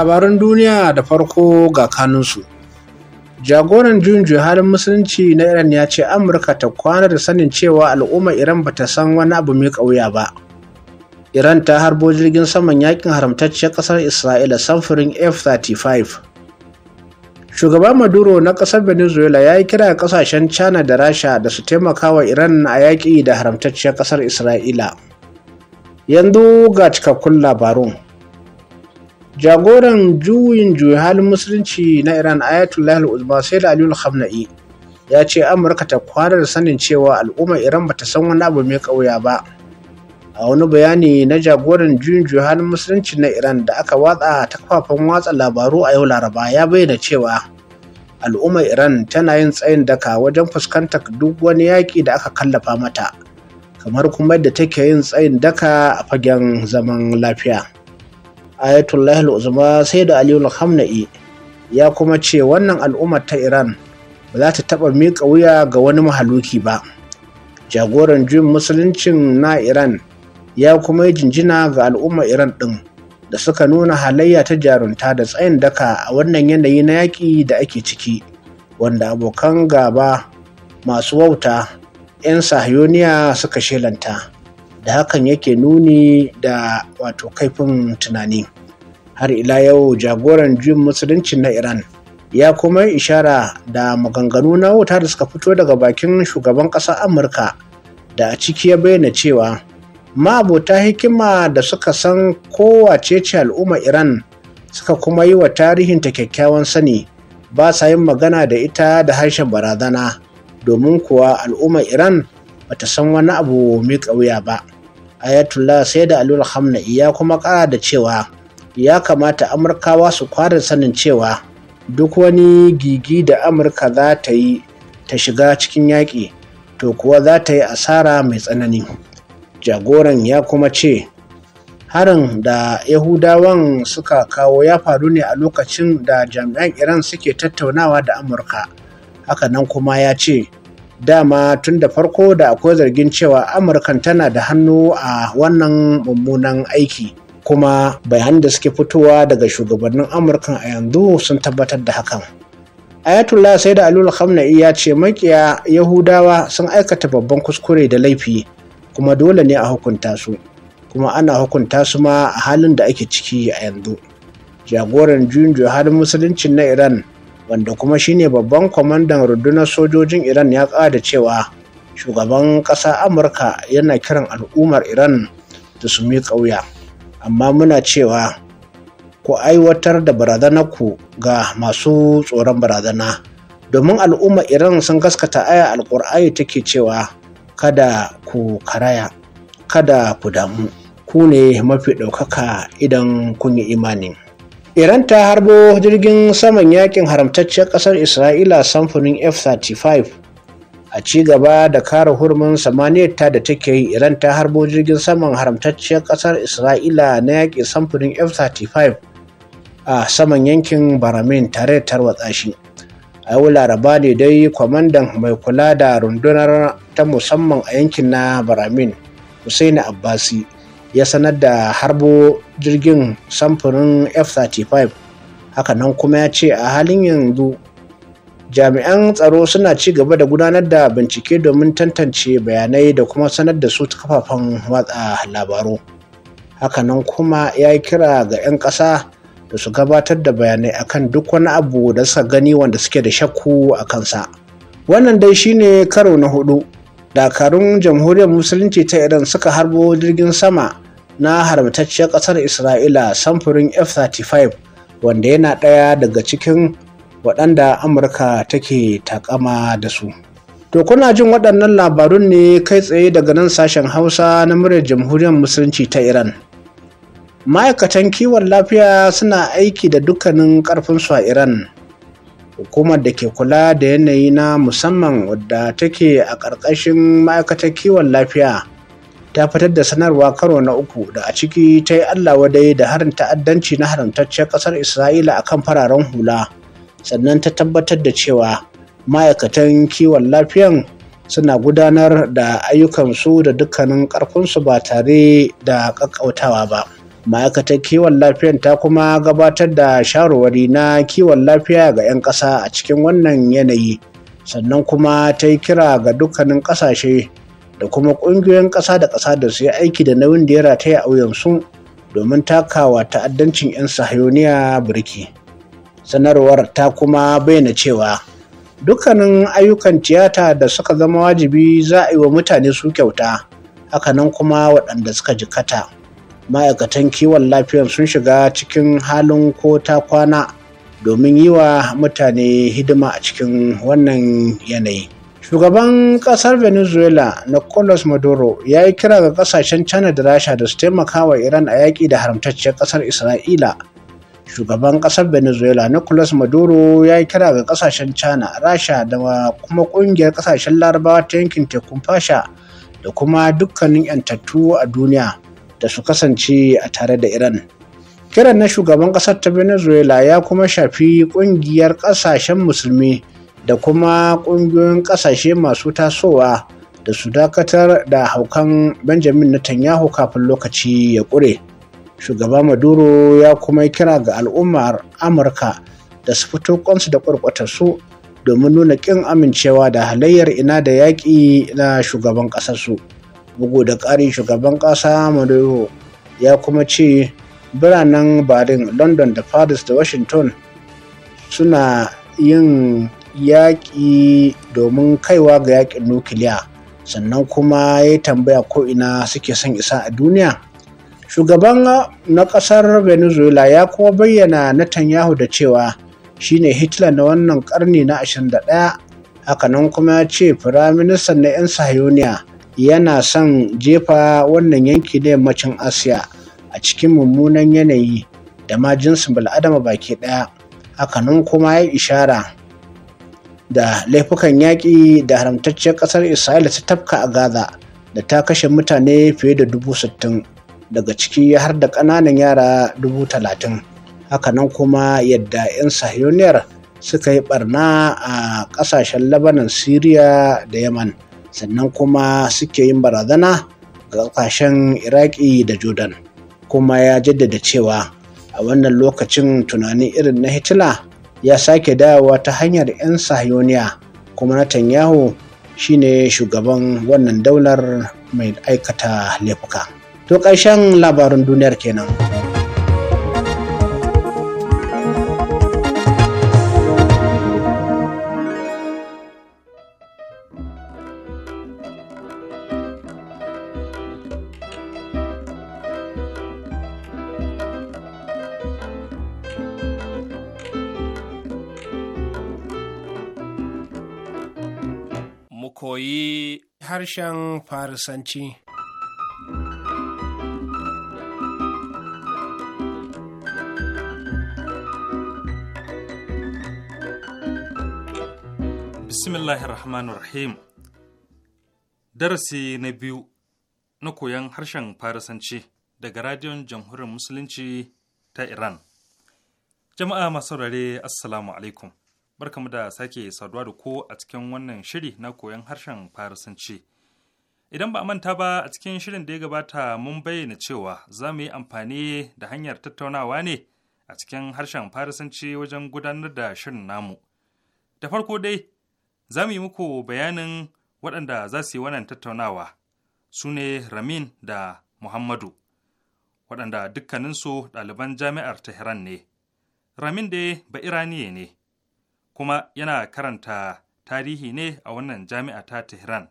labaran duniya da farko ga kanunsu jagoran juyin halin musulunci na iran ya ce amurka ta kwana da sanin cewa al'ummar iran ba ta san wani abu mai ƙauya ba iran ta harbo jirgin saman yakin haramtacciyar ƙasar isra'ila samfurin f-35 Shugaban maduro na ƙasar venezuela ya yi kira ƙasashen china da rasha da su taimaka wa iran a yaƙi da haramtacciyar ƙasar isra'ila yanzu ga cikakkun labarun jagoran juyin juya halin musulunci na iran ayatollah al-uzma sai da aliyu khamna'i ya ce amurka ta kwana da sanin cewa al'ummar iran bata san wani abu mai kauya ba a wani bayani na jagoran juyin juya halin musulunci na iran da aka watsa ta kafafen watsa labaru a yau laraba ya bayyana cewa al'ummar iran tana yin tsayin daka wajen fuskantar duk wani yaƙi da aka kallafa mata kamar kuma yadda take yin tsayin daka a fagen zaman lafiya. ayatollah uzma sai da aliyu hamna'i ya kuma ce wannan al'ummar ta iran ba za ta taɓa miƙa wuya ga wani mahaluki ba jagoran juyin musuluncin na iran ya kuma yi jinjina ga al'ummar iran ɗin da suka nuna halayya ta jarunta da tsayin daka a wannan yanayi na yaƙi da ake ciki wanda abokan gaba masu wauta 'yan sahiyoniya suka shelanta da hakan yake nuni da wato kaifin tunani har ila yau jagoran juyin musulunci na iran ya kuma ishara da maganganu na wuta da suka fito daga bakin shugaban ƙasar amurka da a ciki ya bayyana cewa ma'abota hikima da suka san kowace ce al'umma iran suka kuma yi wa tarihinta kyakkyawan sani ba sa yin magana da ita da harshen barazana domin kuwa al'umma iran bata san wani abu mai ƙauya ba ayatollah sai da alul hamna'i ya kuma kara da cewa ya kamata amurkawa su kwada sanin cewa duk wani gigi da amurka za ta yi ta shiga cikin yaƙi to kuwa za ta yi asara mai tsanani jagoran ya kuma ce harin da yahudawan suka kawo ya faru ne a lokacin da jami'an iran suke tattaunawa da amurka hakanan kuma ya ce dama tun da farko da akwai zargin cewa amurkan tana da hannu a wannan mummunan aiki kuma bayan da suke fitowa daga shugabannin amurkan a yanzu sun tabbatar da hakan ayatollah sai da alul khamna'i ya ce makiya yahudawa sun aikata babban kuskure da laifi kuma dole ne a hukunta su kuma ana hukunta su ma a halin da ake ciki a yanzu jagoran juyin halin musuluncin na iran wanda kuma shine babban kwamandan rundunar sojojin iran ya da cewa shugaban ƙasa amurka yana kiran al'ummar iran da su mi ƙauya amma muna cewa ku aiwatar da ku ga masu tsoron barazana domin al'ummar iran sun gaskata aya alkur'ani take cewa kada ku karaya kada ku damu ku ne mafi ɗaukaka idan kun yi imani. iran ta harbo jirgin saman yakin haramtacciyar ƙasar isra'ila samfunin f-35 a ci gaba da kare hurmin samaniyarta da take yi iran ta harbo jirgin saman haramtacciyar ƙasar isra'ila na yaƙi samfunin f-35 a saman yankin baramin tare da tarwatsa shi a yau laraba ne dai kwamandan mai kula da rundunar ta musamman a yankin na baramin Hussaini abbasi ya sanar da harbo jirgin samfurin f-35 hakanan kuma ya ce a halin yanzu jami'an tsaro suna ci gaba da gudanar da bincike domin tantance bayanai da kuma sanar da su kafafen watsa labaru hakanan kuma ya yi kira ga 'yan ƙasa da su gabatar da bayanai akan duk wani abu da suka gani wanda suke da shakku a kansa wannan dai shine karo na hudu dakarun jamhuriyar musulunci ta iran suka harbo jirgin sama na haramtacciyar ƙasar isra'ila samfurin f-35 wanda yana ɗaya daga cikin waɗanda amurka take takama da su to kuna jin waɗannan labarun ne kai tsaye daga nan sashen hausa na muryar jamhuriyar musulunci ta iran ma'aikatan kiwon lafiya suna aiki da dukkanin ƙarfinsu a iran hukumar da ke kula da yanayi na musamman wadda take a ƙarƙashin ma'aikatar kiwon lafiya ta fitar da sanarwa karo na uku da a ciki ta yi allah wadai da harin ta'addanci na haramtacciyar ƙasar isra'ila a kan fararen hula sannan ta tabbatar da cewa ma'aikatan kiwon lafiyan suna gudanar da ayyukansu da dukkanin ƙarfinsu ba tare da ƙaƙƙautawa ba. ma'aikatar kiwon lafiyar ta kuma gabatar da shawarwari na kiwon lafiya ga 'yan ƙasa a cikin wannan yanayi sannan kuma ta yi kira ga dukkanin ƙasashe da kuma ƙungiyoyin ƙasa da ƙasa da su yi aiki da nauyin da ya rataya a wuyansu domin takawa ta'addancin 'yan sahayoniya birki sanarwar ta kuma bayyana cewa dukkanin ayyukan tiyata da suka zama wajibi za a yi wa mutane su kyauta hakanan kuma waɗanda suka jikata. ma'aikatan kiwon lafiyar sun shiga cikin halin ko ta kwana domin yi wa mutane hidima a cikin wannan yanayi shugaban kasar venezuela nicolas maduro ya yi kira ga kasashen china da rasha da su taimaka wa iran a yaƙi da haramtacciyar kasar isra'ila shugaban kasar venezuela na nicolas maduro ya yi kira ga kasashen china rasha da kuma kungiyar kasashen larabawa ta yankin tekun fasha da kuma dukkanin yantattu a duniya da su kasance a tare da iran kiran na shugaban kasar ta venezuela ya kuma shafi kungiyar kasashen musulmi da kuma kungiyoyin kasashe masu tasowa da su dakatar da haukan benjamin netanyahu kafin lokaci ya ƙure shugaba maduro ya kuma kira ga al'ummar amurka da su fito kwansu da ƙwarƙwatarsu domin nuna ƙin amincewa da halayyar ina da yaƙi na shugaban ƙasarsu. su bugu da ƙari shugaban ƙasa maduro ya kuma ce biranen berlin london da paris da washington suna yin yaƙi domin kaiwa ga yaƙin nukiliya sannan kuma ya tambaya ko'ina suke son isa a duniya shugaban na ƙasar venezuela ya kuma bayyana netanyahu da cewa shi ne hitler na wannan ƙarni na 21 hakanan kuma ya ce firaministan na 'yan sahiyoniya yana son jefa wannan yanki na yammacin asiya a cikin mummunan yanayi da ma jinsin bil'adama baki ɗaya hakanan kuma ya ishara da laifukan yaƙi da haramtacciyar ƙasar isra'ila ta tafka a gaza da ta kashe mutane fiye da dubu sittin daga ciki har da ƙananan yara dubu talatin hakanan kuma yadda 'yan sahiyoniyar suka yi barna a ƙasashen labanan siriya da yaman sannan kuma suke yin barazana ga ƙasashen iraki da jordan kuma ya jaddada cewa a wannan lokacin tunanin irin na hitler ya sake dawowa ta hanyar 'yan sahiyoniya kuma netanyahu shine shugaban wannan daular mai aikata laifuka to ƙarshen labarin duniyar kenan. harshen Farisanci. Bismillahirrahmanirrahim. Darasi na biyu na koyon harshen Farisanci daga Radiyon Jamhuriyar Musulunci ta Iran. Jama'a masu rare Assalamu alaikum. barkamu da sake saduwa da ko a cikin wannan shiri na koyon harshen Farisanci. Idan ba a manta ba a cikin shirin da ya gabata mun bayyana cewa za mu yi amfani da hanyar tattaunawa ne a cikin harshen Farisanci wajen gudanar da shirin namu. Da farko dai, za mu yi muku bayanin waɗanda za su yi wannan tattaunawa su ne Ramin da Muhammadu, waɗanda dukkaninsu ɗaliban jami'ar Tehran ne. Ramin dai ba Iraniye ne. kuma yana karanta tarihi ne a wannan jami'a ta Tehran,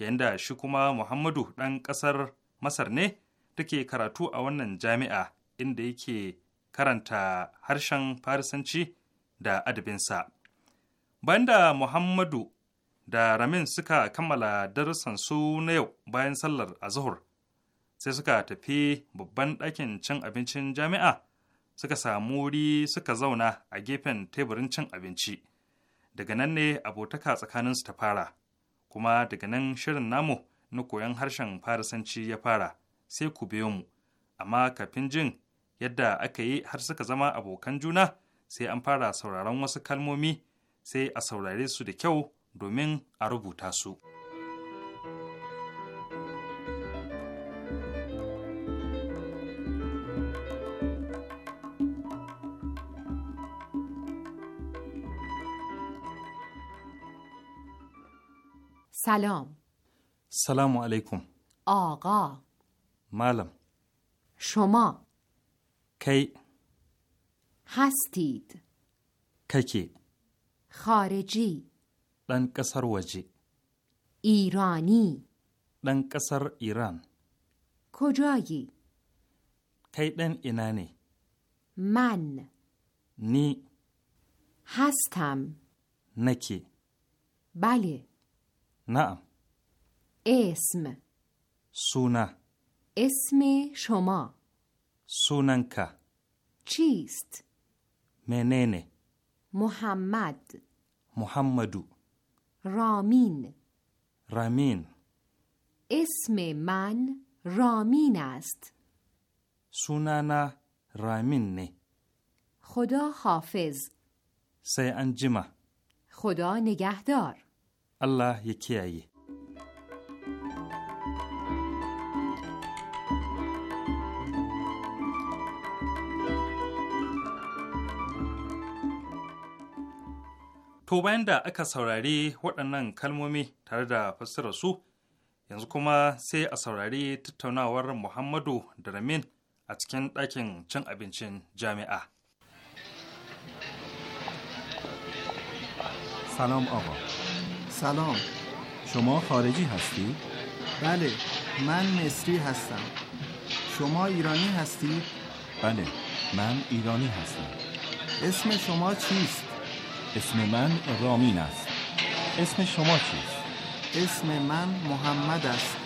yayin da shi kuma Muhammadu ɗan ƙasar Masar ne take karatu a wannan jami'a inda yake karanta harshen Farisanci da adabinsa. Bayan da Muhammadu da Ramin suka kammala su na yau bayan sallar a zuhur, sai suka tafi babban ɗakin cin abincin jami'a suka samu wuri suka zauna a gefen teburin cin abinci daga nan ne abotaka tsakaninsu ta fara kuma daga nan shirin namu na koyon harshen farisanci ya fara sai ku biyo mu amma kafin jin yadda aka yi har suka zama abokan juna sai an fara sauraron wasu kalmomi sai a saurare su da kyau domin a rubuta su. سلام سلام علیکم آقا معلم شما کی هستید ککی خارجی دن وجی ایرانی دن ایران کجایی کی دن اینانی من نی هستم نکی بله نعم اسم سونا اسم شما سوننکا چیست؟ مننه محمد محمدو رامین رامین اسم من رامین است سونانا رامین نه خدا حافظ سی انجمه خدا نگهدار Allah ya kiyaye. To bayan da aka saurari waɗannan kalmomi tare da fassara su, yanzu kuma sai a saurari tattaunawar Muhammadu da Ramin a cikin ɗakin cin abincin jami'a. Salam Abba. سلام شما خارجی هستی؟ بله من مصری هستم شما ایرانی هستی؟ بله من ایرانی هستم اسم شما چیست؟ اسم من رامین است اسم شما چیست؟ اسم من محمد است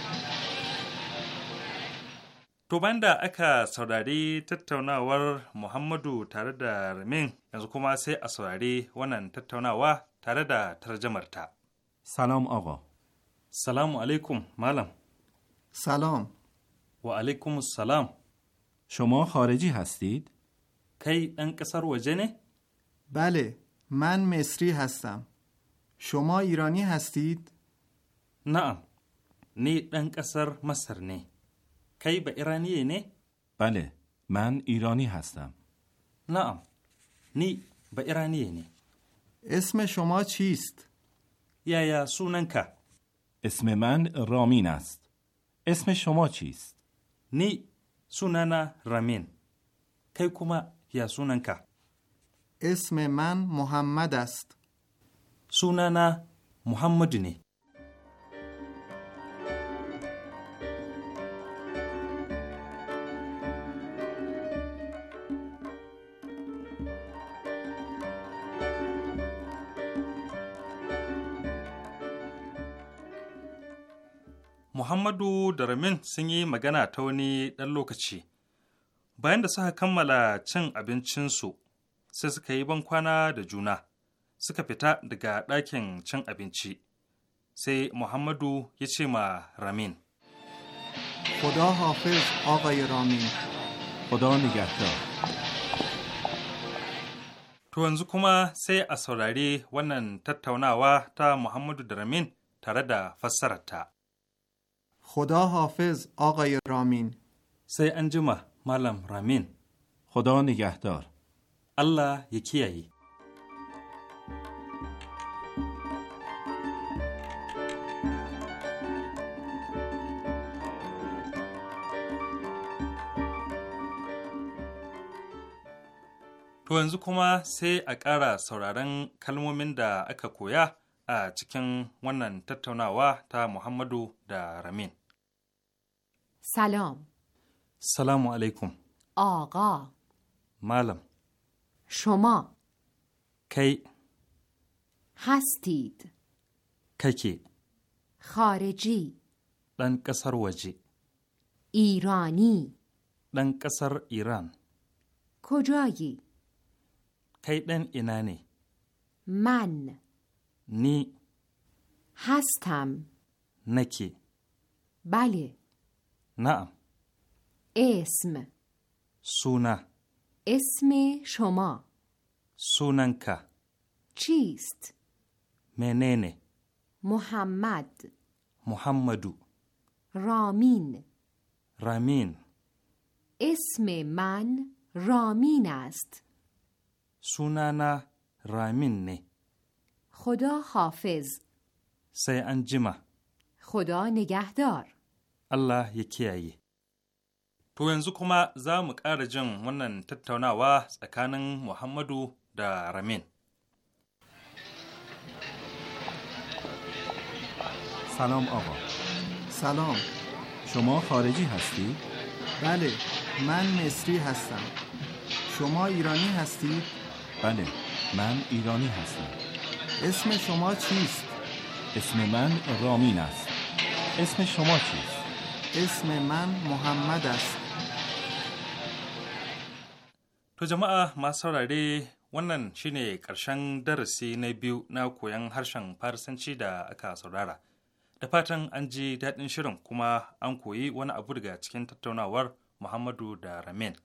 To banda aka saurari tattaunawar Muhammadu tare da Ramin yanzu kuma sai a saurari wannan tattaunawa tare da سلام آقا سلام علیکم معلم سلام و علیکم السلام شما خارجی هستید؟ کی انکسر و جنه؟ بله من مصری هستم شما ایرانی هستید؟ نه نی انکسر مصر نه کی به ایرانی نه؟ بله من ایرانی هستم نه نی به ایرانی نه اسم شما چیست؟ یا سوننکا اسم من رامین است اسم شما چیست؟ نی سونانا رامین کی یا سوننکا اسم من محمد است سونانا محمد نی Muhammadu da Ramin sun yi magana ta wani ɗan lokaci. Bayan da suka kammala cin abincinsu, sai suka yi bankwana da juna, suka fita daga ɗakin cin abinci. Sai Muhammadu ya ce ma Ramin. خدا حافظ آقای Ramin, خدا نگهدار To yanzu kuma sai a saurari wannan tattaunawa ta Muhammadu da Ramin tare da fassararta. خدا حافظ آقای رامین سی انجمه مالم رامین خدا نگهدار الله یکی ای. To yanzu kuma sai a ƙara sauraron kalmomin da aka koya a cikin wannan tattaunawa ta Muhammadu da Ramin. سلام سلام علیکم آقا معلم شما کی هستید ککی خارجی دن کسر وجی ایرانی دن کسر ایران کجایی کی دن اینانی من نی هستم نکی بله نعم اسم سونا اسم شما سوننکا چیست؟ مننه محمد محمدو رامین رامین اسم من رامین است سونانا رامین نه خدا حافظ سی انجمه خدا نگهدار Allah ya kiyaye. To yanzu kuma za mu ƙara jin wannan tattaunawa tsakanin Muhammadu سلام آقا سلام شما خارجی هستی؟ بله من مصری هستم شما ایرانی هستی؟ بله من ایرانی هستم اسم شما چیست؟ اسم من رامین است اسم شما چیست؟ اسم من محمد است To jama'a ما saurare wannan shine karshen darasi na biyu na koyon harshen Farisanci da aka saurara. Da fatan an ji daɗin shirin kuma an koyi wani abu daga cikin tattaunawar Muhammadu da Ramin.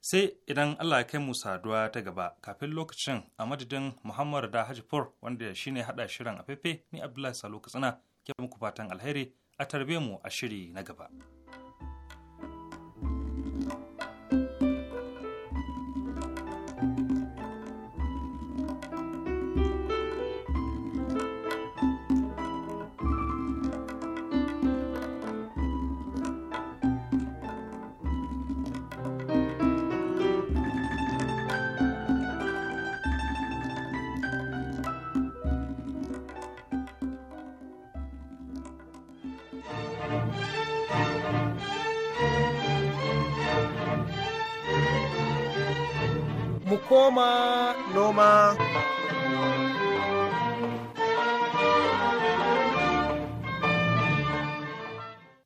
Sai idan Allah kai mu saduwa ta gaba kafin lokacin a madadin Muhammadu da Hajifur wanda shine haɗa shirin a ni Abdullahi Salo Katsina ke muku fatan alheri a tarbe mu a shiri na gaba. koma noma.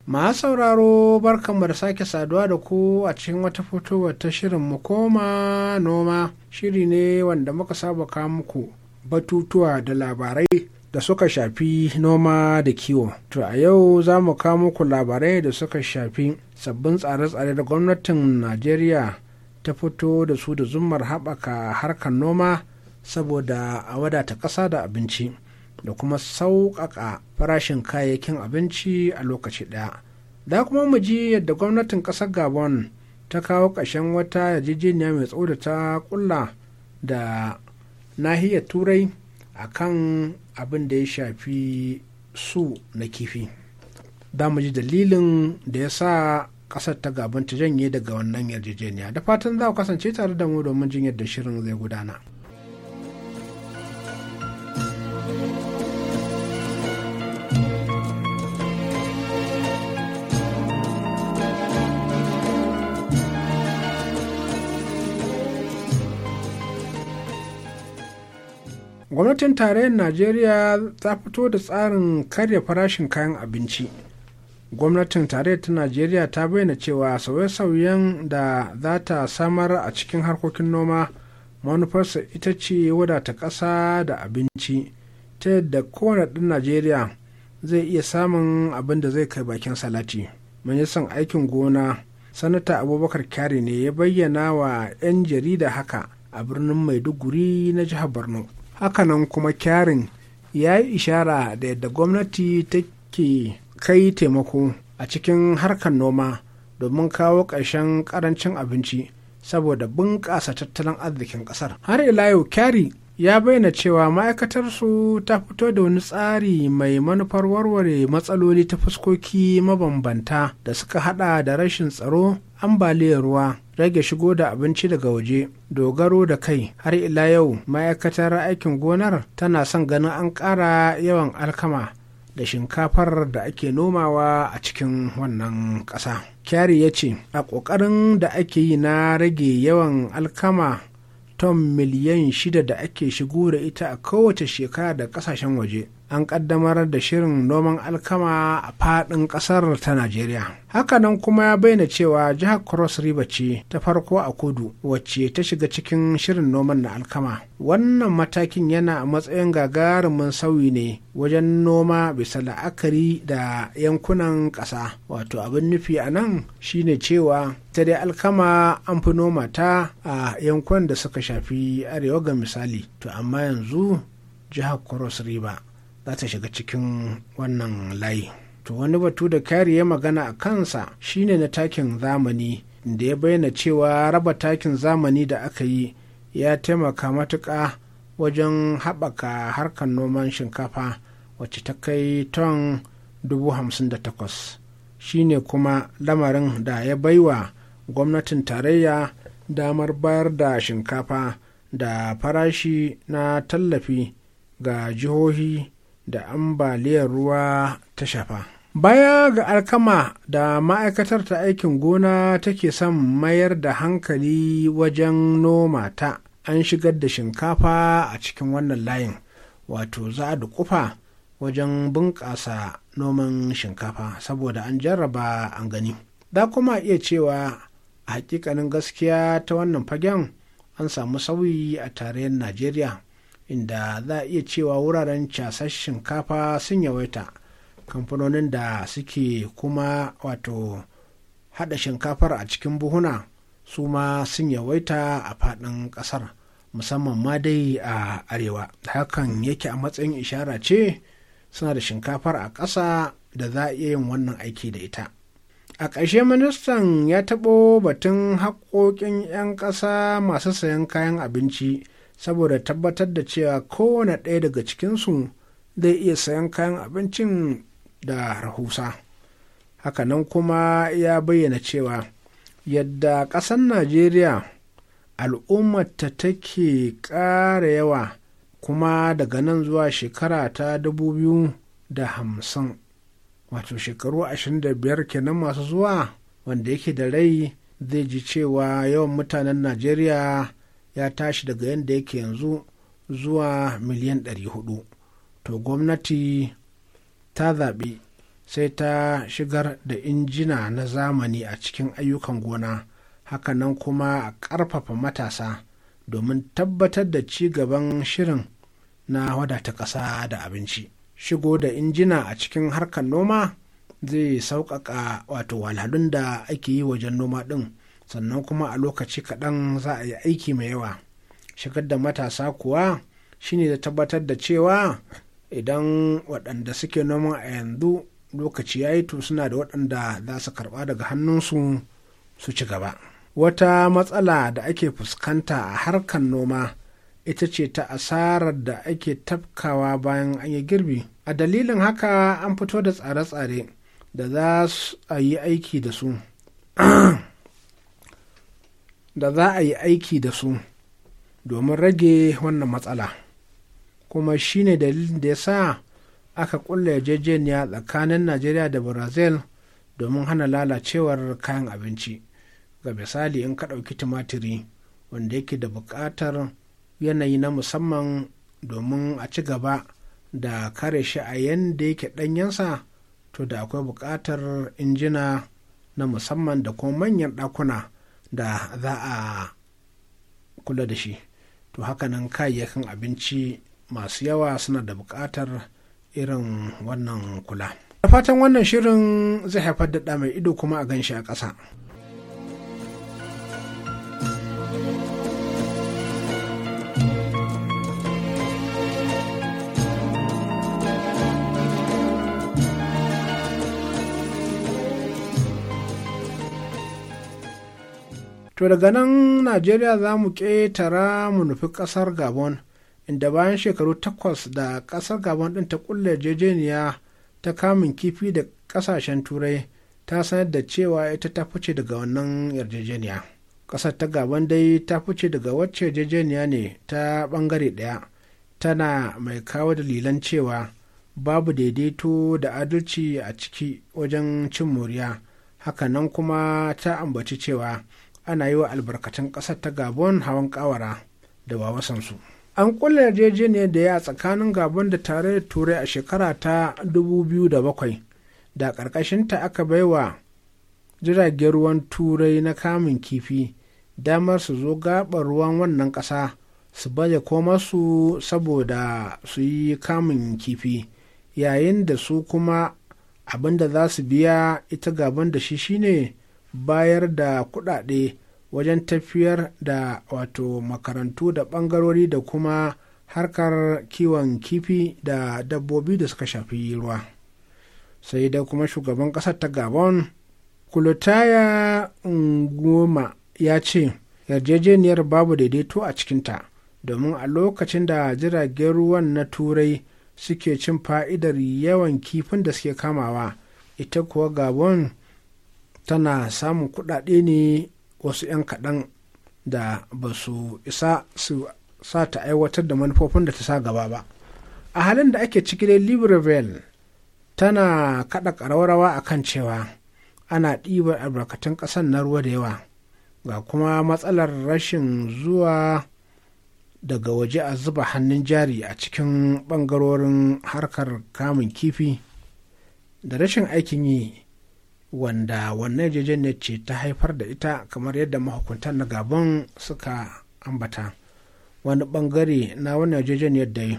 Ma sauraro barkanmu da sake saduwa da ku a cikin wata fitowa ta shirin mu koma noma shiri ne wanda muka saba ka muku batutuwa da labarai da suka shafi noma da kiwo. To a yau za mu kawo muku labarai da suka shafi sabbin tsare-tsare da gwamnatin Najeriya ta fito da su da zummar haɓaka harkar noma saboda a wadata ƙasa da abinci da kuma sauƙaƙa farashin kayayyakin abinci a lokaci ɗaya da kuma mu ji yadda gwamnatin ƙasar gabon ta kawo ƙarshen wata yarjejeniya mai tsawo da ta ƙulla da nahiyar turai a kan abin da ya shafi su na kifi da mu ji dalilin da ya sa kasar ta gaban ta janye daga wannan yarjejeniya da fatan za ku kasance tare da mu domin jin yadda shirin zai gudana. gwamnatin tarayyar najeriya ta fito da tsarin karya farashin kayan abinci gwamnatin tarayyar ta najeriya ta bayyana cewa sauye-sauyen da za ta samar a cikin harkokin noma manufarsa ita ce wadata ƙasa da abinci ta yadda kowane ɗin najeriya zai iya samun abin da zai kai bakin salati ministan aikin gona sanata abubakar kyari ne ya bayyana wa 'yan jarida haka a birnin maiduguri na jihar borno hakanan kuma kyarin ya yi ishara da yadda gwamnati take kai taimako a cikin harkar noma domin kawo ƙarshen ƙarancin abinci saboda bunƙasa tattalin arzikin ƙasar. Har ila yau kyari ya bayyana cewa ma'aikatar su ta fito da wani tsari mai manufar warware matsaloli ta fuskoki mabambanta da suka hada da rashin tsaro ambaliyar ruwa rage shigo da abinci daga waje dogaro da kai har ila yau ma'aikatar aikin gonar tana son ganin an ƙara yawan alkama da shinkafar da ake nomawa a cikin wannan ƙasa. kyari ya ce a ƙoƙarin da ake yi na rage yawan alkama ton miliyan shida da ake shigo da ita a kowace shekara da ƙasashen waje an kaddamar da shirin noman alkama a fadin kasar ta Najeriya. Hakanan kuma ya bayyana cewa jihar Cross River ce ta farko a kudu wacce ta shiga cikin shirin noman na alkama. Wannan matakin yana a matsayin gagarumin sauyi ne wajen noma bisa la'akari da yankunan ƙasa. Wato abin nufi a nan shine cewa ta dai alkama an fi noma ta a yankunan da suka shafi arewa ga misali. To amma yanzu jihar Cross River. za ta shiga cikin wannan layi to wani batu da kari ya magana a kansa shine na takin zamani da ya bayyana cewa raba takin zamani da aka yi ya taimaka matuƙa wajen haɓaka harkar noman shinkafa wacce ta kai ton takwas shine kuma lamarin da ya baiwa gwamnatin tarayya damar bayar da shinkafa da farashi na tallafi ga jihohi da ambaliyar ruwa ta shafa baya ga alkama da ma'aikatar ta aikin gona take son mayar da hankali wajen noma ta an shigar da shinkafa a cikin wannan layin wato za a kufa wajen bunƙasa noman shinkafa saboda an jarraba an gani da kuma iya cewa a hakikanin gaskiya ta wannan fagen an samu sauyi a tarayyar najeriya inda za a iya cewa wuraren casar shinkafa sun yawaita kamfanonin da suke kuma wato hada shinkafar a cikin buhuna su ma sun yawaita a faɗin ƙasar musamman ma dai a arewa hakan yake a matsayin ishara ce suna da shinkafar a ƙasa da za a iya yin wannan aiki da ita a ƙarshe ministan ya taɓo batun haƙoƙin 'yan ƙasa masu sayan kayan abinci saboda tabbatar da cewa kowane ɗaya daga cikinsu zai iya sayan kayan abincin da rahusa hakanan kuma ya bayyana cewa yadda ƙasar najeriya al'ummarta take ƙara yawa kuma daga nan zuwa shekara ta dubu biyu da hamsin wato shekaru ashirin da biyar kenan masu zuwa wanda yake da rai zai ji cewa yawan mutanen najeriya ya tashi daga yadda yake yanzu zuwa miliyan 400 to gwamnati ta zaɓi sai ta shigar da injina na zamani a cikin ayyukan gona hakanan kuma a ƙarfafa matasa domin tabbatar da ci gaban shirin na wadata ƙasa da abinci shigo da injina a cikin harkar noma zai sauƙaƙa wato walhalun da ake yi wajen noma ɗin sannan kuma a lokaci kaɗan za a yi aiki mai yawa shigar da matasa kuwa shine da tabbatar da cewa idan waɗanda suke noma a yanzu lokaci ya yi to suna da waɗanda za su karɓa daga hannunsu su ci gaba wata matsala da ake fuskanta a harkar noma ita ce ta asarar da ake tafkawa bayan an yi girbi a dalilin haka an fito da tsare-tsare da za su yi aiki da su da za a yi aiki da su domin rage wannan matsala kuma shine dalilin da ya sa aka kulle yarjejeniya tsakanin najeriya da brazil domin hana lalacewar kayan abinci ga misali in ka ɗauki tumatiri wanda yake da bukatar yanayi na musamman domin a ci gaba da kare shi a yadda yake ɗanyensa to da akwai buƙatar injina na musamman da kuma manyan ɗakuna da za a kula da shi to hakanan kayayyakin abinci masu yawa suna da bukatar irin wannan kula da fatan wannan shirin zai haifar da ɗa mai ido kuma a ganshi a ƙasa to daga nan najeriya za mu ƙetara mu nufi ƙasar gabon inda bayan shekaru takwas da ƙasar gabon ɗin ta ƙulla yarjejeniya ta kamun kifi da ƙasashen turai ta sanar da cewa ita ta fice daga wannan yarjejeniya ƙasar ta gabon dai ta fice daga wacce yarjejeniya ne ta ɓangare ɗaya tana mai kawo dalilan cewa babu daidaito da adalci a ciki wajen cin moriya hakanan kuma ta ambaci cewa ana yi wa albarkatun ƙasar ta gabon hawan ƙawara da wawasansu an kulle yarjejeniyar da ya tsakanin gabon da tare da turai a shekara ta 2007 da ƙarƙashinta aka bai wa jiragen ruwan turai na kamun kifi damar su zo gabar ruwan wannan ƙasa su baje komarsu saboda su yi kamun kifi yayin da su kuma abin da za su biya ita gaban da shi shine bayar da kuɗaɗe wajen tafiyar da wato makarantu da ɓangarori da kuma harkar kiwon kifi da dabbobi da suka shafi ruwa sai da kuma shugaban ƙasar ta gabon kulutaya ngoma ya ce yarjejeniyar babu daidaito a cikinta domin a lokacin da jiragen ruwan na turai suke cin fa'idar yawan kifin da suke kamawa ita kuwa gabon tana samun kuɗaɗe ne wasu 'yan kaɗan da ba su isa su sa ta aiwatar da manufofin da ta sa gaba ba a halin da ake ciki dai libreville tana kaɗa ƙararrawa a kan cewa ana ɗibar albarkatun ƙasan na ruwa da yawa ga kuma matsalar rashin zuwa daga waje a zuba hannun jari a cikin ɓangarorin harkar kamun kifi da rashin aikin yi wanda wannan yarjejeniyar ce ta haifar da ita kamar yadda mahukuntan na gabon suka ambata wani bangare na wannan yadda yi,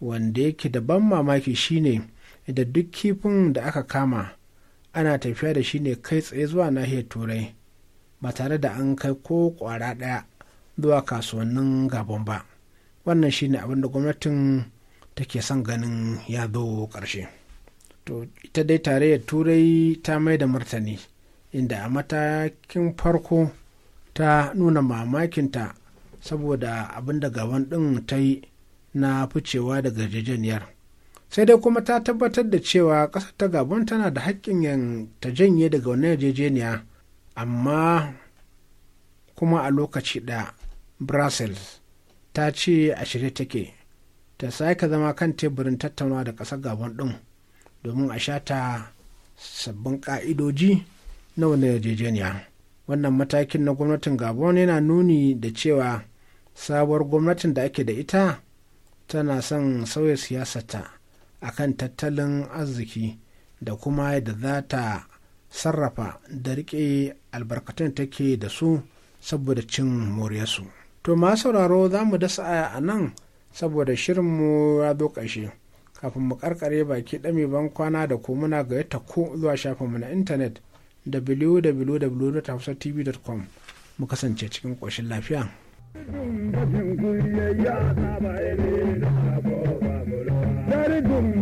wanda yake da ban mamaki shine da duk kifin da aka kama ana tafiya da shi ne kai tsaye zuwa nahiyar turai ba tare da an kai ko kwara daya zuwa kasuwannin gabon ba wannan shine abin da gwamnatin take son ganin ya zo ƙarshe. to ita dai tarayyar turai ta mai da martani inda a matakin farko ta nuna mamakinta saboda abin da gaban ɗin ta yi na ficewa daga yarjejeniyar sai dai kuma ta tabbatar da cewa ƙasar ta gabon tana da haƙƙin ta janye daga wani yarjejeniya amma kuma a lokaci da brussels ta ce a shirye take ta sake zama kan teburin tattaunawa da ƙasar gabon ɗin domin a shata sabbin ka'idoji na wani yarjejeniya wannan matakin na gwamnatin gabon yana nuni da cewa sabuwar gwamnatin da ake da ita tana son sauya siyasata a kan tattalin arziki da kuma yadda za ta sarrafa da rike albarkatun take da su saboda cin moriyarsu to ma sauraro za mu dasa a nan saboda shirinmu ya zo ƙarshe kafin mu karkare baki dame ban kwana da ko muna ga yadda ko zuwa mu na intanet www.hafsatv.com mu kasance cikin koshin lafiya. Dari dum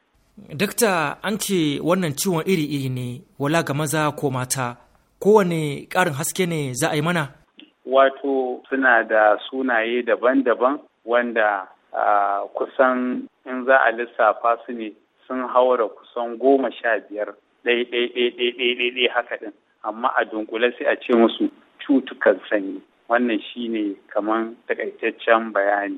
dakta an ce wannan ciwon iri-iri ne wala ga maza ko mata kowane ƙarin haske ne za a yi mana wato suna da sunaye daban-daban wanda uh, kusan in za a lissafa su ne sun haura kusan goma sha biyar ɗaiɗaiɗaiɗaiɗaiɗai haka ɗin amma a dunkule sai a ce musu cutukan sanyi wannan shine kamar takaitaccen bayani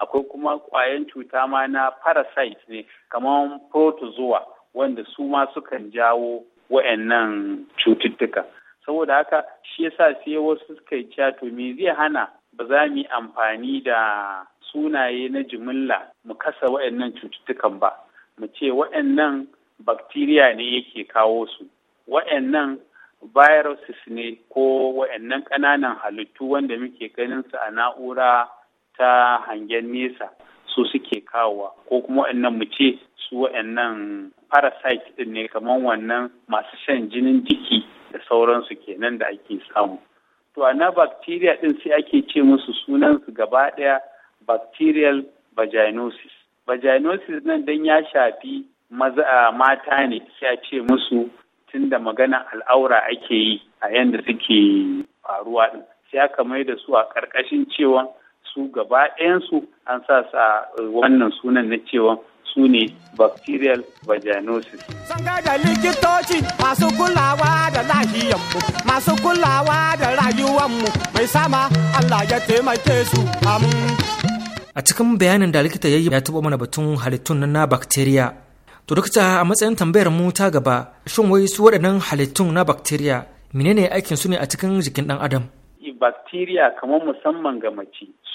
akwai kuma ƙwayan cuta ma na parasite ne kamar protozoa wanda su ma sukan jawo wa'annan cututtuka saboda haka shi yasa sai wasu suka yi to me zai hana ba za mu yi amfani da sunaye na jimilla mu kasa wa'annan cututtukan ba mu ce wa'annan bakteriya ne yake kawo su wa'annan viruses ne ko wa'annan ƙananan halittu wanda muke ganin su a na'ura ta hangen nesa su suke kawowa ko kuma wa'annan mu ce su wa'annan parasite din ne kamar wannan masu shan jinin jiki da sauransu kenan da ake samu to na bacteria din sai ake ce musu sunansu gaba ɗaya bacterial vaginosis vaginosis nan dan ya shafi maza mata ne sai a ce musu tunda magana al'aura ake yi a yanda suke faruwa din sai aka mai da su a ƙarƙashin cewa su gaba ɗayansu an sa sa eh, wannan sunan na cewa su ne bacterial vaginosis. Sun da likitoci masu kulawa da lahiyanmu, masu kulawa da rayuwanmu mai sama Allah ya taimake su A cikin bayanin da likita ya yi ya taɓa mana batun halittun na bacteria. To dokta a matsayin tambayar mu ta gaba, shin wai su waɗannan halittun na bacteria menene aikin su ne a cikin jikin ɗan adam? Bacteria kamar musamman ga mace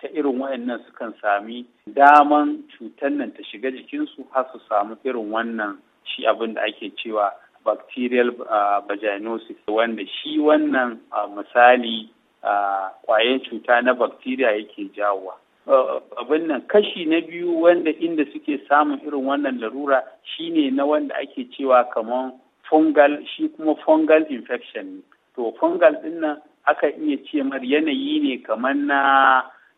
ta irin wayannan sukan sami daman cutan nan ta shiga jikinsu har su samu irin wannan shi abin da ake cewa bacterial ah, vaginosis wanda shi wannan ah, misali kwayan ah, cuta na bacteria yake jawowa abin nan kashi na biyu wanda inda suke samun irin wannan larura shine na wanda ake cewa kamar fungal shi kuma fungal infection ne to fungal din aka iya ce mar yanayi ne kamar na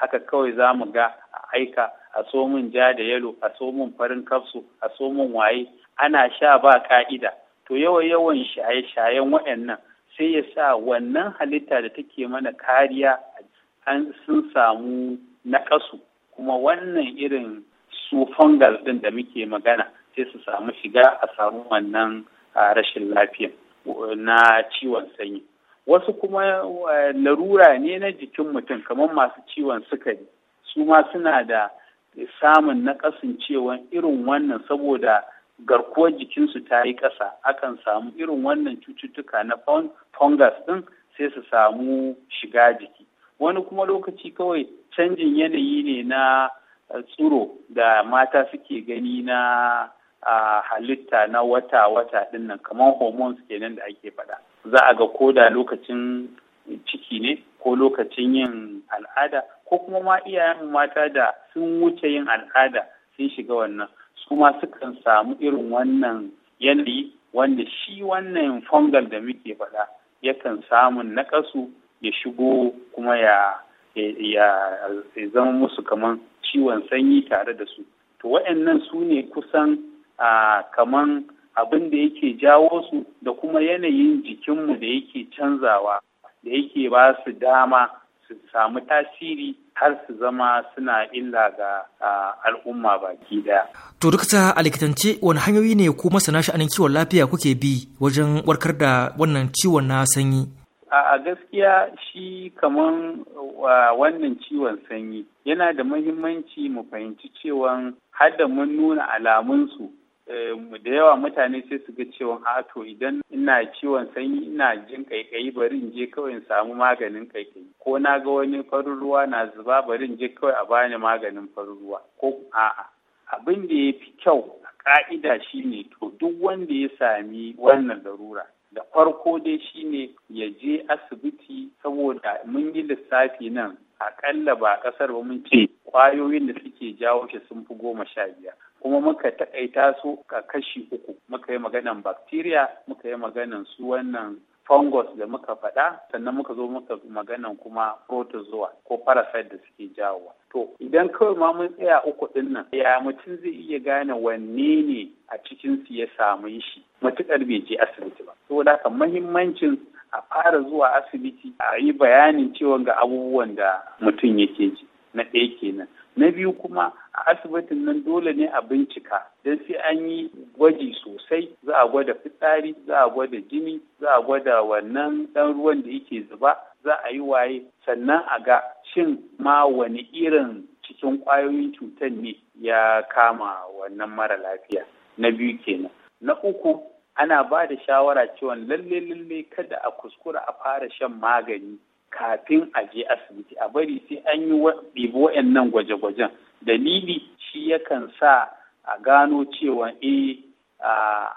haka kawai za mu ga a aika a so min ja da yalo a so farin kafsu a so min waye ana sha ba ka'ida to yawan yawan shaye-shayen waɗannan sai ya sa wannan halitta da take mana kariya an sun samu naƙasu kuma wannan irin su fungal ɗin da muke magana sai su samu shiga a samu wannan rashin lafiya na ciwon sanyi wasu kuma larura ne na jikin mutum kamar masu ciwon sukari su ma suna da samun na irin wannan saboda garkuwar jikinsu ta yi ƙasa akan samu irin wannan cututtuka na fungus ɗin sai su samu shiga jiki wani kuma lokaci kawai canjin yanayi ne na tsiro da mata suke gani na halitta na wata-wata ɗinnan kamar hormones kenan da ake faɗa. za a ga ko da lokacin ciki ne ko lokacin yin al'ada ko kuma ma iyayen mata da sun wuce yin al'ada sun shiga wannan su ma sukan samu irin wannan yanayi wanda shi wannan fungal da muke faɗa yakan samun naƙasu ya shigo kuma ya zama musu kaman ciwon sanyi tare da su to waɗannan su ne kusan ah, kaman abin da yake jawo su da kuma yanayin jikinmu da yake canzawa da yake ba su dama su samu tasiri har su zama suna illa ga al'umma baki daya. To duk ta a likitance wani hanyoyi ne ko masana sha'anin kiwon lafiya kuke bi wajen warkar da wannan ciwon na sanyi? A gaskiya shi kaman wannan ciwon sanyi yana da muhimmanci mu fahimci cewa har da mun nuna alamunsu Eh, da yawa mutane sai su ga cewa a to idan ina ciwon sanyi ina jin kaikayi bari in je kawai in samu maganin kaikayi ko na ga wani farin ruwa na zuba bari in je kawai a bani maganin farin ruwa ko a'a abin da ya fi kyau a ka'ida shine to duk wanda ya sami wannan larura da farko dai shine ya je asibiti saboda mun yi lissafi nan akalla ba ƙasar ba mun ce kwayoyin mm. da suke jawo shi sun fi goma sha biyar kuma muka takaita su ka kashi uku muka yi maganan bacteria muka yi maganan su wannan fungus da muka faɗa sannan muka zo muka maganan kuma protozoa ko parasite da suke jawowa to idan kawai ma mun tsaya uku ɗin nan ya mutum zai iya gane wanne ne a cikin su ya samu shi matuƙar bai je asibiti ba saboda haka mahimmancin a fara zuwa asibiti a yi bayanin ciwon ga abubuwan da mutum yake ji na ɗaya kenan na biyu kuma a asibitin nan dole ne a bincika don sai an yi gwaji sosai za a gwada fitsari za a gwada jini za a gwada wannan ɗan ruwan da yake zuba za a yi waye sannan a ga shin ma wani irin cikin ƙwayoyin cutar ne ya kama wannan mara lafiya na biyu kenan na uku ana ba da shawara cewa lalle lalle kada a kuskura a fara shan magani kafin a je asibiti a bari sai an yi ɗibi nan gwaje-gwajen dalili shi yakan sa a gano cewa e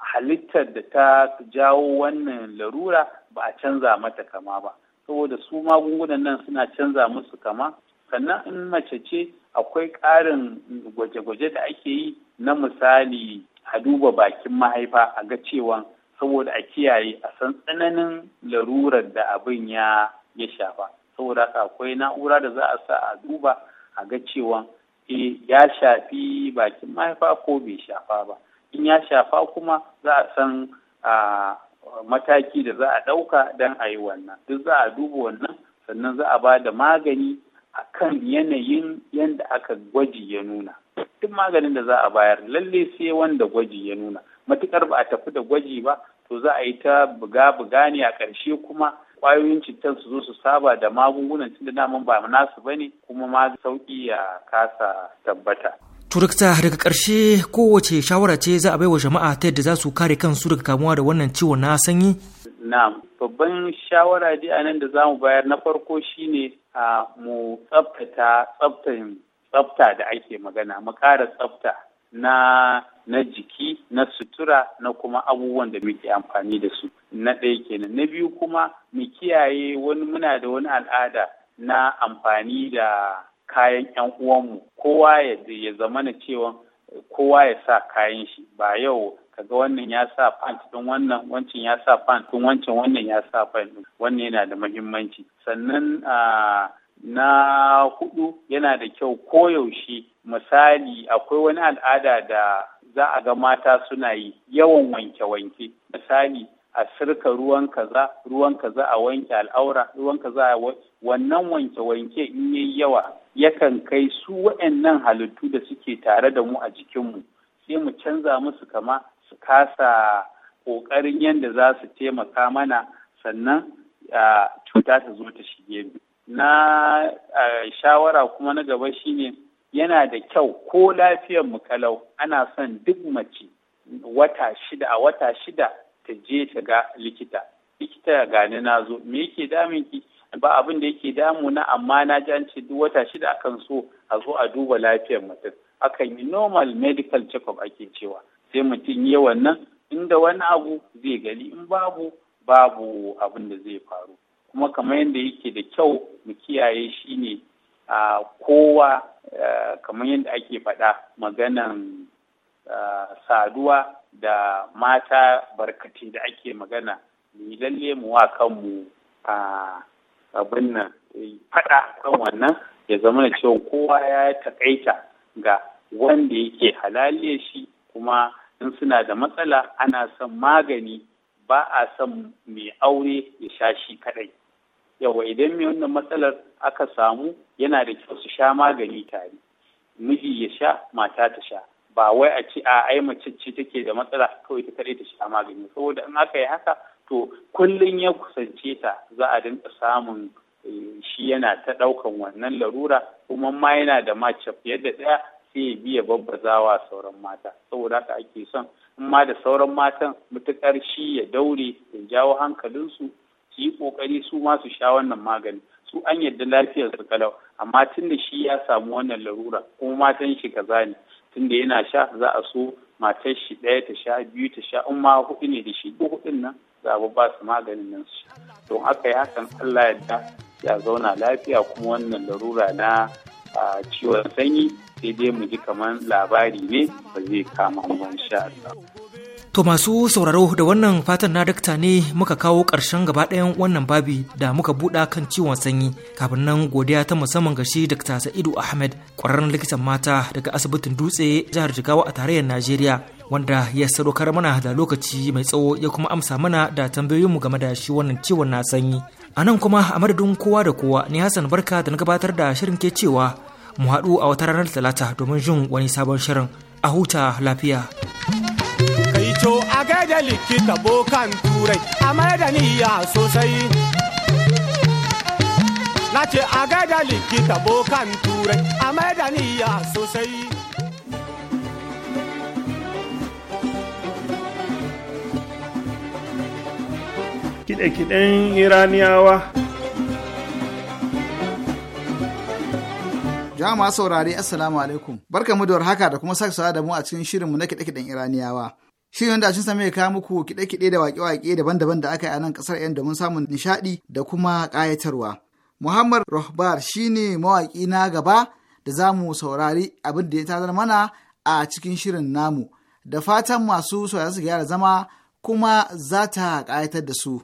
halittar da ta jawo wannan larura ba a canza mata kama ba saboda su magungunan nan suna canza musu kama sannan in mace ce akwai ƙarin gwaje-gwaje da ake yi na misali a duba bakin mahaifa a ga cewa saboda a kiyaye a san tsananin larurar da abin ya ya shafa saboda haka akwai na'ura da za a sa a duba a ga cewa eh, ya shafi bakin mahaifa ko bai shafa ba in ya shafa kuma za a san mataki da za a ɗauka don a yi wannan duk za a duba wannan sannan za a ba da magani a kan yanayin yadda aka gwaji ya nuna duk maganin da za a bayar lalle sai wanda gwaji ya nuna matukar ba a tafi da gwaji ba to za a yi ta buga-buga ne a ƙarshe kuma kwayoyin cutar su zo su saba da magungunan tunda daman ba nasu ne, kuma ma sauki ya kasa tabbata turukta daga ƙarshe kowace shawara ce za a baiwa jama'a ta yadda za su kare kansu daga kamuwa da wannan ciwon na sanyi na'am babban shawara dai a nan da za mu bayar na farko shine a mu tsabtata tsabtan tsabta da ake magana mu ƙara tsabta na na jiki na sutura na kuma abubuwan da muke amfani da su na ɗaya kenan na biyu kuma mu kiyaye wani muna da wani al'ada na amfani da kayan yan uwanmu kowa ya zama na cewa kowa ya sa kayan shi ba yau kaga wannan ya sa pant din wannan wancan ya sa pant din wancan wannan ya sa pant wannan yana da muhimmanci sannan a ah, na hudu yana da kyau koyaushe misali akwai wani al'ada da za a ga mata suna yi yawan wanke-wanke misali a sirka ruwan kaza ruwan kaza a wanke al'aura ruwan kaza a wannan wanke-wanke in yi yawa yakan kai su waɗannan halittu da suke tare da mu a jikinmu sai mu canza musu kama su kasa ƙoƙarin yadda za su taimaka mana sannan ah, cuta ta zo ta shige mu. na shawara kuma na gaba shine yana da kyau ko lafiyar mu kalau ana son duk mace wata shida a wata shida ta je ta ga likita likita ya gani na zo me yake damun ki ba abin da yake na amma na ji an duk wata shida akan so a zo a duba lafiyar mutum akan yi normal medical check-up ake cewa sai mutum yi wannan inda wani abu zai gani in babu babu abin da zai faru kuma kamar yadda yake da kyau mu kiyaye shine a kowa kamar yadda ake faɗa maganan saduwa da mata barkati da ake magana yi lalle mu wa kanmu a abin nan faɗa kan wannan ya zama da cewa kowa ya taƙaita ga wanda yake halaliya shi kuma in suna da matsala ana son magani ba a son mai aure ya sha shi kaɗai. yawa idan mai wannan matsalar aka samu yana da kyau su sha magani tare miji ya sha mata ta sha ba wai a ce a ai mace ce take da matsala kawai ta kare ta sha magani saboda in aka yi haka to kullum ya kusance ta za a dinka samun eh, shi yana ta ɗaukan wannan larura kuma ma yana da mace fiye da ɗaya sai ya biya babbazawa sauran mata saboda haka ake son in ma da sauran matan mutukar shi ya daure ya jawo hankalinsu su yi kokari su ma su sha wannan magani su an yadda lafiyar su kalau amma tun da shi ya samu wannan larura kuma matan shi kaza ne tunda yana sha za a so matar shi ɗaya ta sha biyu ta sha in ma hudu ne da shi ko hudun nan za a ba su maganin nan su don haka ya hakan Allah yadda ya zauna lafiya kuma wannan larura na ciwon sanyi sai dai mu ji kamar labari ne ba zai kama mu sha Allah To masu sauraro da wannan fatan na dakta ne muka kawo ƙarshen gaba ɗayan wannan babi da muka buɗa kan ciwon sanyi kafin nan godiya ta musamman ga shi dakta Sa'idu Ahmed ƙwararren likitan mata daga asibitin Dutse jihar Jigawa a tarayyar Najeriya wanda ya sadaukar mana da lokaci mai tsawo ya kuma amsa mana da tambayoyinmu game da shi wannan ciwon na sanyi. A nan kuma a madadin kowa da kowa ni Hassan Barka da na gabatar da shirin ke cewa mu haɗu a wata ranar Talata domin jin wani sabon shirin a huta lafiya. To a gaida likita bokan turai a da niyya sosai. Na ce a gaida likita bokan turai a da niyya sosai. Kiɗe-kiɗen Iraniyawa Jama'a saurari Assalamu alaikum. Barka mu da warhaka da kuma sake da mu a cikin shirinmu na kiɗe-kiɗen Iraniyawa. Shirin da shi same kawo muku kiɗe-kiɗe da waƙe-waƙe daban-daban da aka yi a nan ƙasar yan domin samun nishaɗi da kuma ƙayatarwa. Muhammad Rohbar ne mawaƙi na gaba da za mu saurari abin da ya tazar mana a cikin shirin namu. Da fatan masu saurari su gyara zama kuma za ta ƙayatar da su.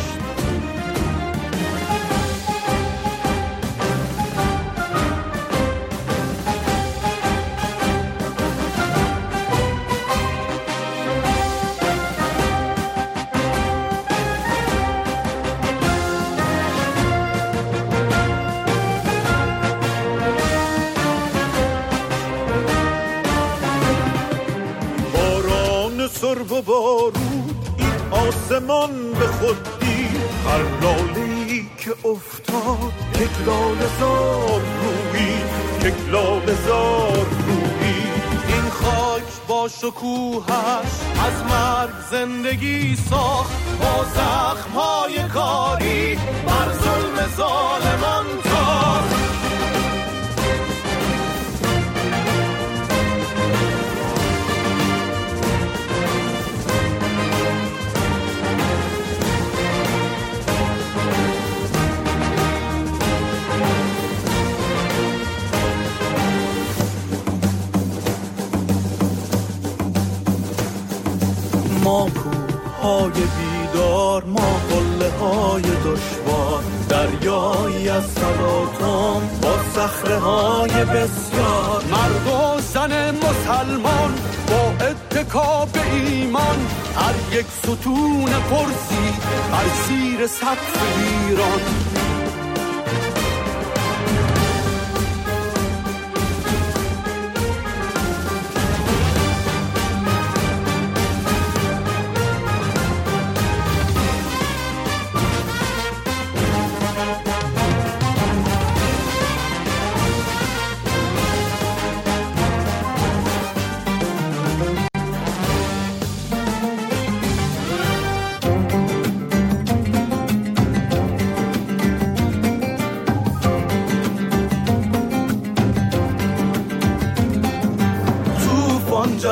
هست از مرگ زندگی ساخت با بار ما قله های دشوار دریایی از با صخره های بسیار مرد و زن مسلمان با به ایمان هر یک ستون پرسی بر سیر سطح ایران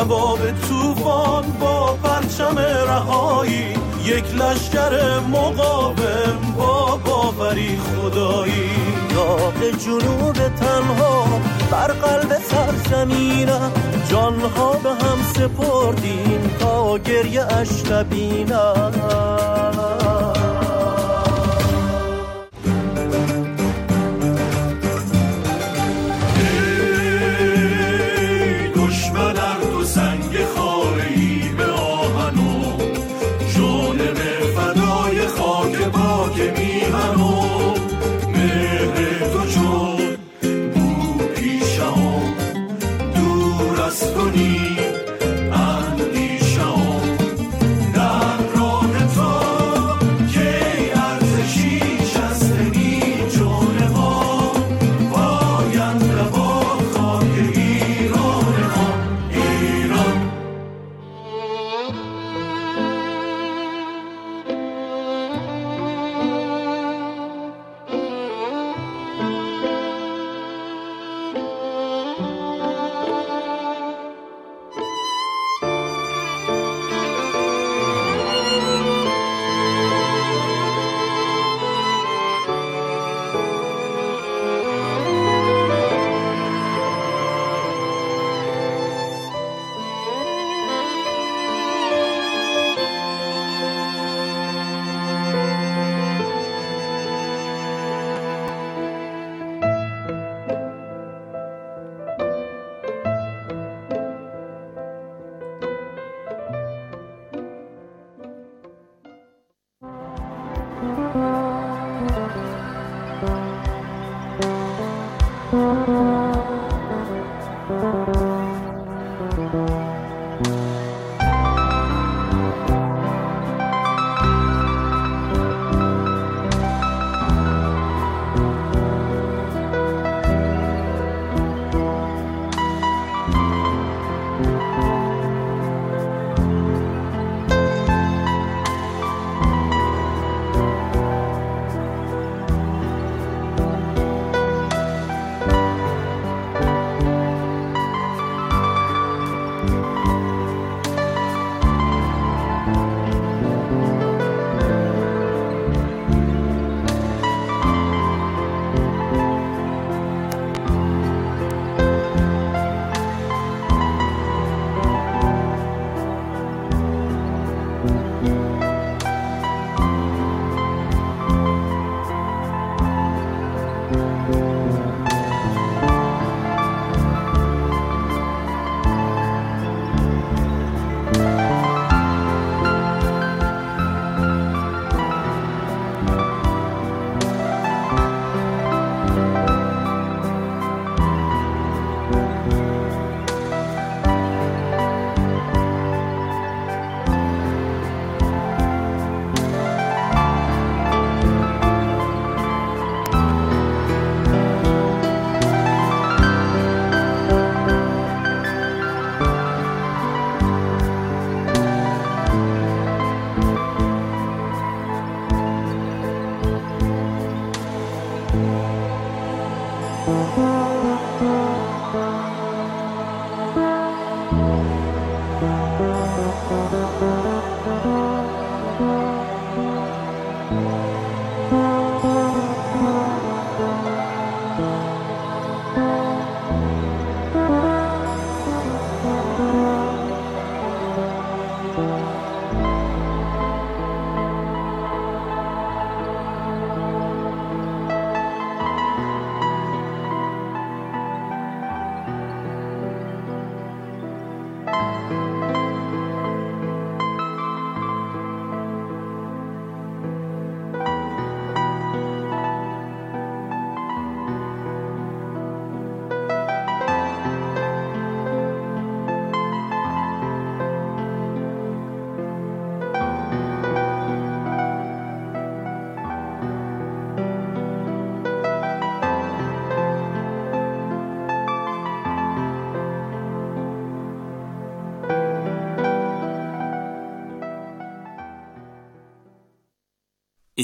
جواب توفان با پرچم رهایی یک لشکر مقاوم با باوری خدایی داغ جنوب تنها بر قلب سرزمینم جانها به هم سپردین تا گریه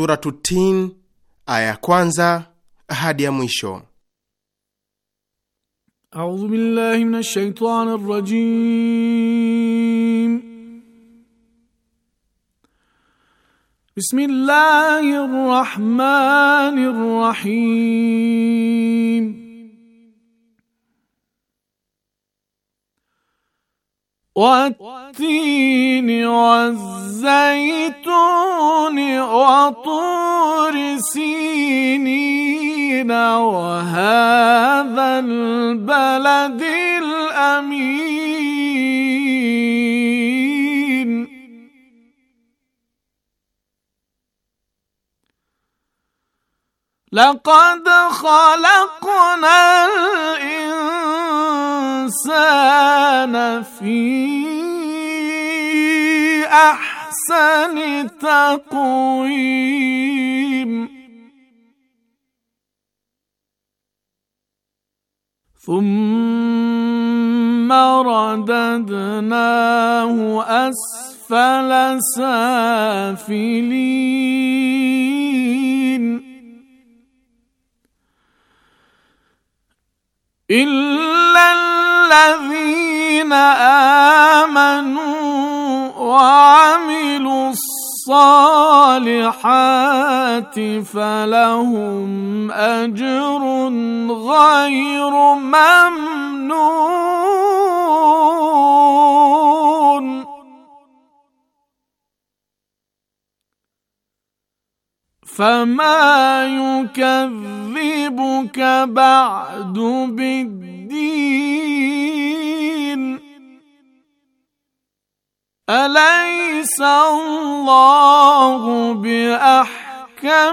Suratu Tin aya ya kwanza hadi ya mwisho. A'udhu billahi minash shaitanir rajim. Bismillahir rahmanir rahim. والتين والزيتون وطور سينين وهذا البلد الأمين لقد خلقنا الإنسان الإنسان في أحسن تقويم ثم رددناه أسفل سافلين إلا الذين آمنوا وعملوا الصالحات فلهم أجر غير ممنون فما يكذبك بعد بالدين اليس الله باحكم